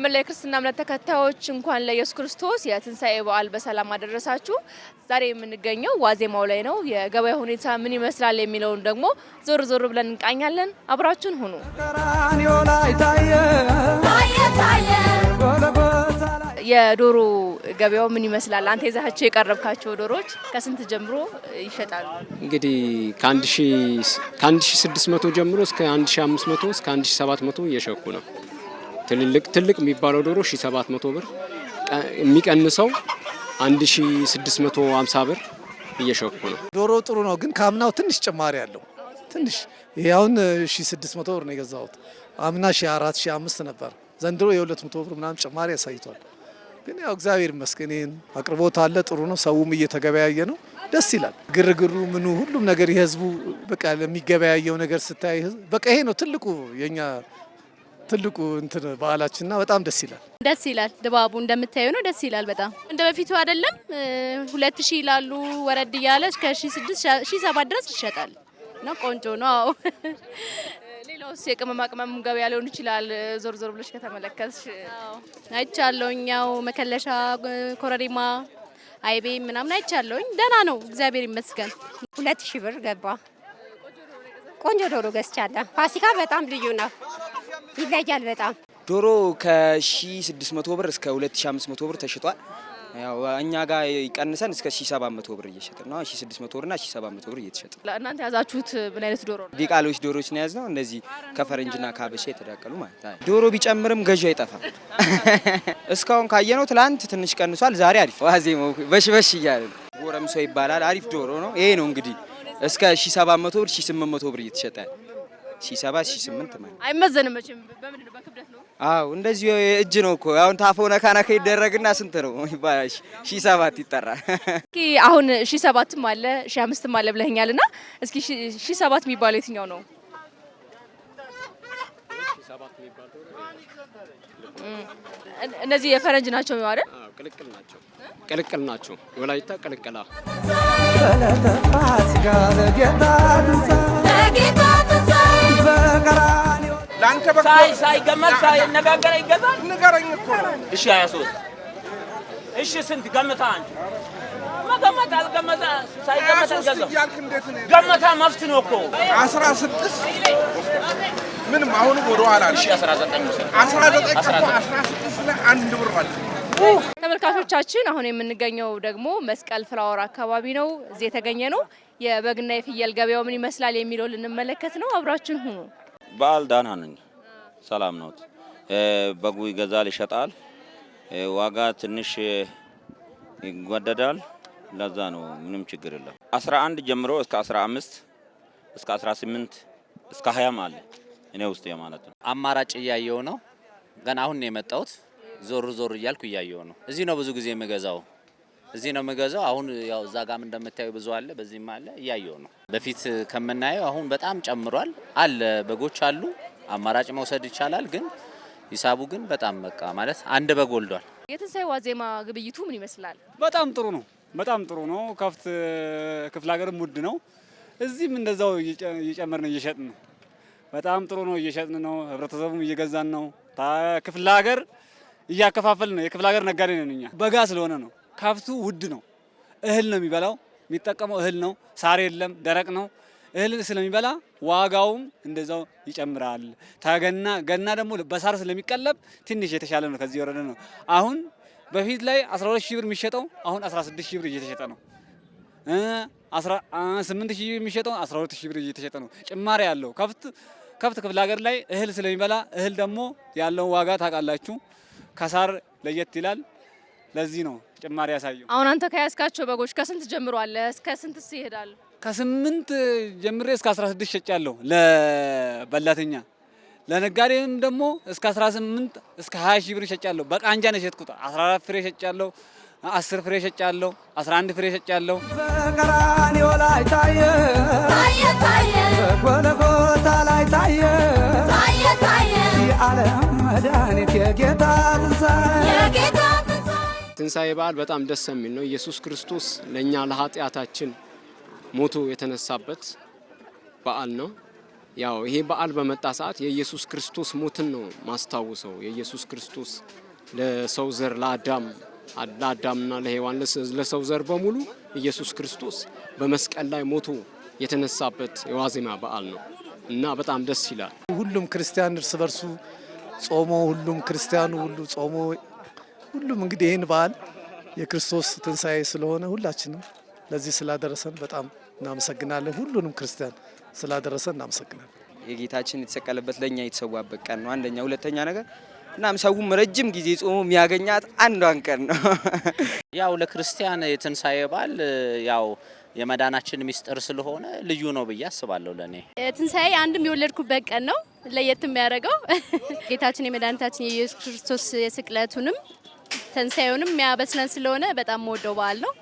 በመላ የክርስትና እምነት ተከታዮች እንኳን ለኢየሱስ ክርስቶስ የትንሣኤ በዓል በሰላም አደረሳችሁ። ዛሬ የምንገኘው ዋዜማው ላይ ነው። የገበያ ሁኔታ ምን ይመስላል የሚለውን ደግሞ ዞር ዞር ብለን እንቃኛለን። አብራችን ሁኑ። የዶሮ ገበያው ምን ይመስላል? አንተ የዛቸው የቀረብካቸው ዶሮዎች ከስንት ጀምሮ ይሸጣሉ? እንግዲህ ከ1600 ጀምሮ እስከ 1500 እስከ 1700 እየሸኩ ነው ትልልቅ ትልቅ የሚባለው ዶሮ 1700 ብር የሚቀንሰው 1650 ብር እየሸኩ ነው። ዶሮ ጥሩ ነው፣ ግን ከአምናው ትንሽ ጭማሪ አለው። ትንሽ ይኸውን 1600 ብር ነው የገዛሁት። አምና 1400 ነበር። ዘንድሮ የ200 ብር ምናምን ጭማሪ ያሳይቷል። ግን ያው እግዚአብሔር ይመስገን ይህን አቅርቦት አለ። ጥሩ ነው። ሰውም እየተገበያየ ነው። ደስ ይላል። ግርግሩ ምኑ፣ ሁሉም ነገር የህዝቡ በቃ የሚገበያየው ነገር ስታይ በቃ ይሄ ነው ትልቁ የኛ ትልቁ እንትን ባህላችንና በጣም ደስ ይላል። ደስ ይላል ድባቡ እንደምታየው ነው። ደስ ይላል በጣም እንደ በፊቱ አይደለም። ሁለት ሺህ ይላሉ ወረድ እያለ እስከ ሺህ ስድስት ሺህ ሰባት ድረስ ይሸጣል ነው። ቆንጆ ነው። አዎ ሌላውስ የቅመማ ቅመም ገበያ ሊሆን ይችላል። ዞር ዞር ብለሽ ከተመለከትሽ አይቻለሁኝ። ያው መከለሻ፣ ኮረሪማ፣ አይቤ ምናምን አይቻለሁኝ። ደህና ነው እግዚአብሔር ይመስገን። ሁለት ሺህ ብር ገባ። ቆንጆ ዶሮ ገዝቻለሁ። ፋሲካ በጣም ልዩ ነው። ይለያል በጣም ዶሮ ከ1600 ብር እስከ 2500 ብር ተሽጧል። ያው እኛ ጋር ይቀንሰን እስከ 1700 ብር እየሸጥን ነው። 1600 ብር እና 1700 ብር እየተሸጠ እናንተ ያዛችሁት ምን አይነት ዶሮ ነው? ዲቃሎች ዶሮች ነው የያዝነው። እነዚህ ከፈረንጅና ከሀበሻ የተዳቀሉ ማለት ነው። ዶሮ ቢጨምርም ገዢ አይጠፋም። እስካሁን ካየነው ትላንት ትንሽ ቀንሷል፣ ዛሬ አሪፍ ዋዜማው በሽ እያለ ነው። ጎረምሶ ይባላል። አሪፍ ዶሮ ነው። ይሄ ነው እንግዲህ እስከ 1700 ብር 1800 ብር እየተሸጠ ነው። ሲሰባ ሲስምንት ማለት አይመዘንም መቼም። በምንድን ነው በክብደት ነው? አዎ እንደዚህ እጅ ነው እኮ አሁን ታፈው ነካ ነካ ይደረግና ስንት ነው ይባላል? ሺ ሰባት ይጠራል። እስኪ አሁን ሺ ሰባትም አለ ሺ አምስትም አለ ብለኸኛል ና እስኪ ሺ ሰባት የሚባለው የትኛው ነው? እነዚህ የፈረንጅ ናቸው አይደል? ቅልቅል ናቸው። ቅልቅል ናቸው። ወላይታ ቅልቅላ ለጌታ ሳይገመት ሳይነጋገር ይገዛል። ንገረኝ እኮ እሺ ሀያ እሺ ስንት አንቺ መገመት አልገመታ አልገዛም። ገመታ መፍት ነው እኮ አስራ ስድስት ምንም አስራ ዘጠኝ አስራ ስድስት ላይ አንድ ብር አለ። ተመልካቾቻችን አሁን የምንገኘው ደግሞ መስቀል ፍላወር አካባቢ ነው። እዚህ የተገኘ ነው የበግና የፍየል ገበያው ምን ይመስላል የሚለው ልንመለከት ነው። አብራችን ሁኑ። በዓል ዳና ነኝ። ሰላም ነውት። በጉ ይገዛል፣ ይሸጣል። ዋጋ ትንሽ ይጓደዳል። ለዛ ነው ምንም ችግር የለም። 11 ጀምሮ እስከ 15 እስከ 18 እስከ 20 አለ። እኔ ውስጥ የማለት ነው። አማራጭ እያየው ነው። ገና አሁን ነው የመጣሁት። ዞር ዞር እያልኩ እያየው ነው። እዚህ ነው ብዙ ጊዜ የምገዛው። እዚህ ነው የምገዛው። አሁን ያው እዛ ጋም እንደምታዩ ብዙ አለ፣ በዚህም አለ፣ እያየው ነው። በፊት ከምናየው አሁን በጣም ጨምሯል። አለ በጎች አሉ፣ አማራጭ መውሰድ ይቻላል። ግን ሂሳቡ ግን በጣም በቃ ማለት አንድ በግ ወልዷል። የትንሳኤ ዋዜማ ግብይቱ ምን ይመስላል? በጣም ጥሩ ነው። በጣም ጥሩ ነው። ከፍት ክፍለ ሀገርም ውድ ነው። እዚህም እንደዛው እየጨመርን እየሸጥን ነው። በጣም ጥሩ ነው። እየሸጥን ነው። ህብረተሰቡም እየገዛን ነው። ክፍለ ሀገር እያከፋፈል ነው። የክፍለ ሀገር ነጋዴ ነን እኛ። በጋ ስለሆነ ነው ከብቱ ውድ ነው። እህል ነው የሚበላው፣ የሚጠቀመው እህል ነው። ሳር የለም፣ ደረቅ ነው። እህል ስለሚበላ ዋጋውም እንደዛው ይጨምራል። ተገና ገና ደግሞ በሳር ስለሚቀለብ ትንሽ የተሻለ ነው፣ ከዚህ የወረደ ነው። አሁን በፊት ላይ 12 ሺህ ብር የሚሸጠው አሁን 16 ሺህ ብር እየተሸጠ ነው። 18 ሺህ የሚሸጠው 12 ሺህ ብር እየተሸጠ ነው። ጭማሪ ያለው ከብት ከብት ክፍለ ሀገር ላይ እህል ስለሚበላ እህል ደግሞ ያለውን ዋጋ ታውቃላችሁ፣ ከሳር ለየት ይላል። ለዚህ ነው ጭማሪ ያሳየው። አሁን አንተ ከያዝካቸው በጎች ከስንት ጀምሮ አለ እስከ ስንት ይሄዳሉ? ከስምንት ጀምሬ እስከ 16 ሸጫለሁ ለበላተኛ ለነጋዴም ደግሞ እስከ 18 እስከ 20 ሺህ ብር ሸጫለሁ። በቃንጃ ነው ሸጥኩት። 14 ፍሬ ሸጫለሁ፣ 10 ፍሬ ሸጫለሁ፣ 11 ፍሬ ሸጫለሁ። በቀራንዮ ላይ ታየ ታየ በጎልጎታ ላይ ታየ ታየ ታየ የዓለም መድኃኒት የጌታ ትንሣኤ የትንሣኤ በዓል በጣም ደስ የሚል ነው። ኢየሱስ ክርስቶስ ለእኛ ለኃጢአታችን ሞቶ የተነሳበት በዓል ነው። ያው ይሄ በዓል በመጣ ሰዓት የኢየሱስ ክርስቶስ ሞትን ነው ማስታውሰው። የኢየሱስ ክርስቶስ ለሰው ዘር ለአዳም ለአዳምና ለሔዋን ለሰው ዘር በሙሉ ኢየሱስ ክርስቶስ በመስቀል ላይ ሞቶ የተነሳበት የዋዜማ በዓል ነው እና በጣም ደስ ይላል። ሁሉም ክርስቲያን እርስ በርሱ ጾሞ ሁሉም ክርስቲያኑ ሁሉ ጾሞ ሁሉም እንግዲህ ይህን በዓል የክርስቶስ ትንሣኤ ስለሆነ ሁላችንም ለዚህ ስላደረሰን በጣም እናመሰግናለን። ሁሉንም ክርስቲያን ስላደረሰን እናመሰግናለን። የጌታችን የተሰቀለበት ለእኛ የተሰዋበት ቀን ነው። አንደኛ፣ ሁለተኛ ነገር እናም ሰውም ረጅም ጊዜ ጾሙ የሚያገኛት አንዷን ቀን ነው። ያው ለክርስቲያን የትንሣኤ በዓል ያው የመዳናችን ሚስጥር ስለሆነ ልዩ ነው ብዬ አስባለሁ። ለእኔ ትንሣኤ አንድም የወለድኩበት ቀን ነው። ለየት የሚያደርገው ጌታችን የመድኃኒታችን የኢየሱስ ክርስቶስ የስቅለቱንም ትንሳኤውንም የሚያበስለን ስለሆነ በጣም መወደው በዓል ነው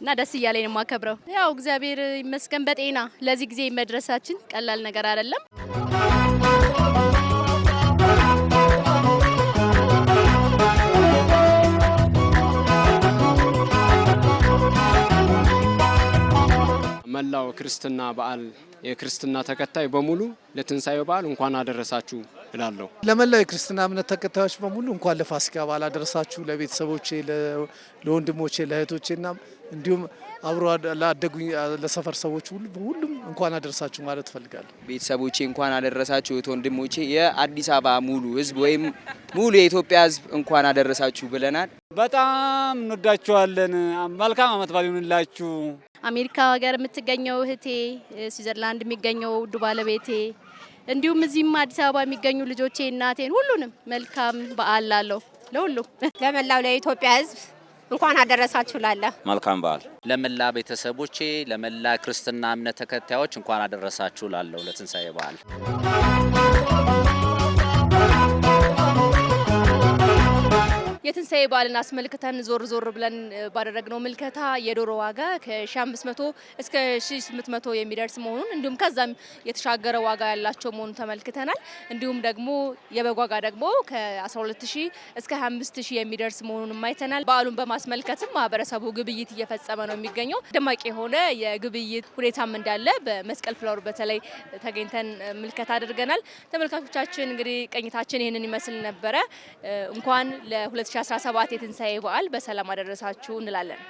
እና ደስ እያለኝ ነው የማከብረው። ያው እግዚአብሔር ይመስገን በጤና ለዚህ ጊዜ መድረሳችን ቀላል ነገር አይደለም። መላው ክርስትና በዓል የክርስትና ተከታይ በሙሉ ለትንሳኤው በዓል እንኳን አደረሳችሁ እላለሁ። ለመላው የክርስትና እምነት ተከታዮች በሙሉ እንኳን ለፋሲካ በዓል አደረሳችሁ። ለቤተሰቦቼ፣ ለወንድሞቼ፣ ለእህቶቼና እንዲሁም አብሮ ላደጉኝ ለሰፈር ሰዎች ሁሉ በሁሉም እንኳን አደረሳችሁ ማለት እፈልጋለሁ። ቤተሰቦቼ እንኳን አደረሳችሁ። እህት ወንድሞቼ፣ የአዲስ አበባ ሙሉ ህዝብ ወይም ሙሉ የኢትዮጵያ ህዝብ እንኳን አደረሳችሁ ብለናል። በጣም እንወዳችኋለን። መልካም አመት በዓል ይሁንላችሁ። አሜሪካ ሀገር የምትገኘው እህቴ፣ ስዊዘርላንድ የሚገኘው ውዱ ባለቤቴ እንዲሁም እዚህም አዲስ አበባ የሚገኙ ልጆቼ፣ እናቴን ሁሉንም መልካም በዓል አለው ለሁሉም ለመላው ለኢትዮጵያ ሕዝብ እንኳን አደረሳችሁ ላለ መልካም በዓል ለመላ ቤተሰቦቼ፣ ለመላ ክርስትና እምነት ተከታዮች እንኳን አደረሳችሁ ላለው ለትንሳኤ በዓል የትንሣኤ በዓልን አስመልክተን ዞር ዞር ብለን ባደረግነው ምልከታ የዶሮ ዋጋ ከ1500 እስከ 1800 የሚደርስ መሆኑን እንዲሁም ከዛም የተሻገረ ዋጋ ያላቸው መሆኑን ተመልክተናል። እንዲሁም ደግሞ የበግ ዋጋ ደግሞ ከ12000 እስከ 25000 የሚደርስ መሆኑን አይተናል። በዓሉን በማስመልከትም ማህበረሰቡ ግብይት እየፈጸመ ነው የሚገኘው። ደማቂ የሆነ የግብይት ሁኔታም እንዳለ በመስቀል ፍላወር በተለይ ተገኝተን ምልከታ አድርገናል። ተመልካቾቻችን እንግዲህ ቀኝታችን ይህንን ይመስል ነበረ። እንኳን ለ 2017 የትንሣኤ በዓል በሰላም አደረሳችሁ እንላለን።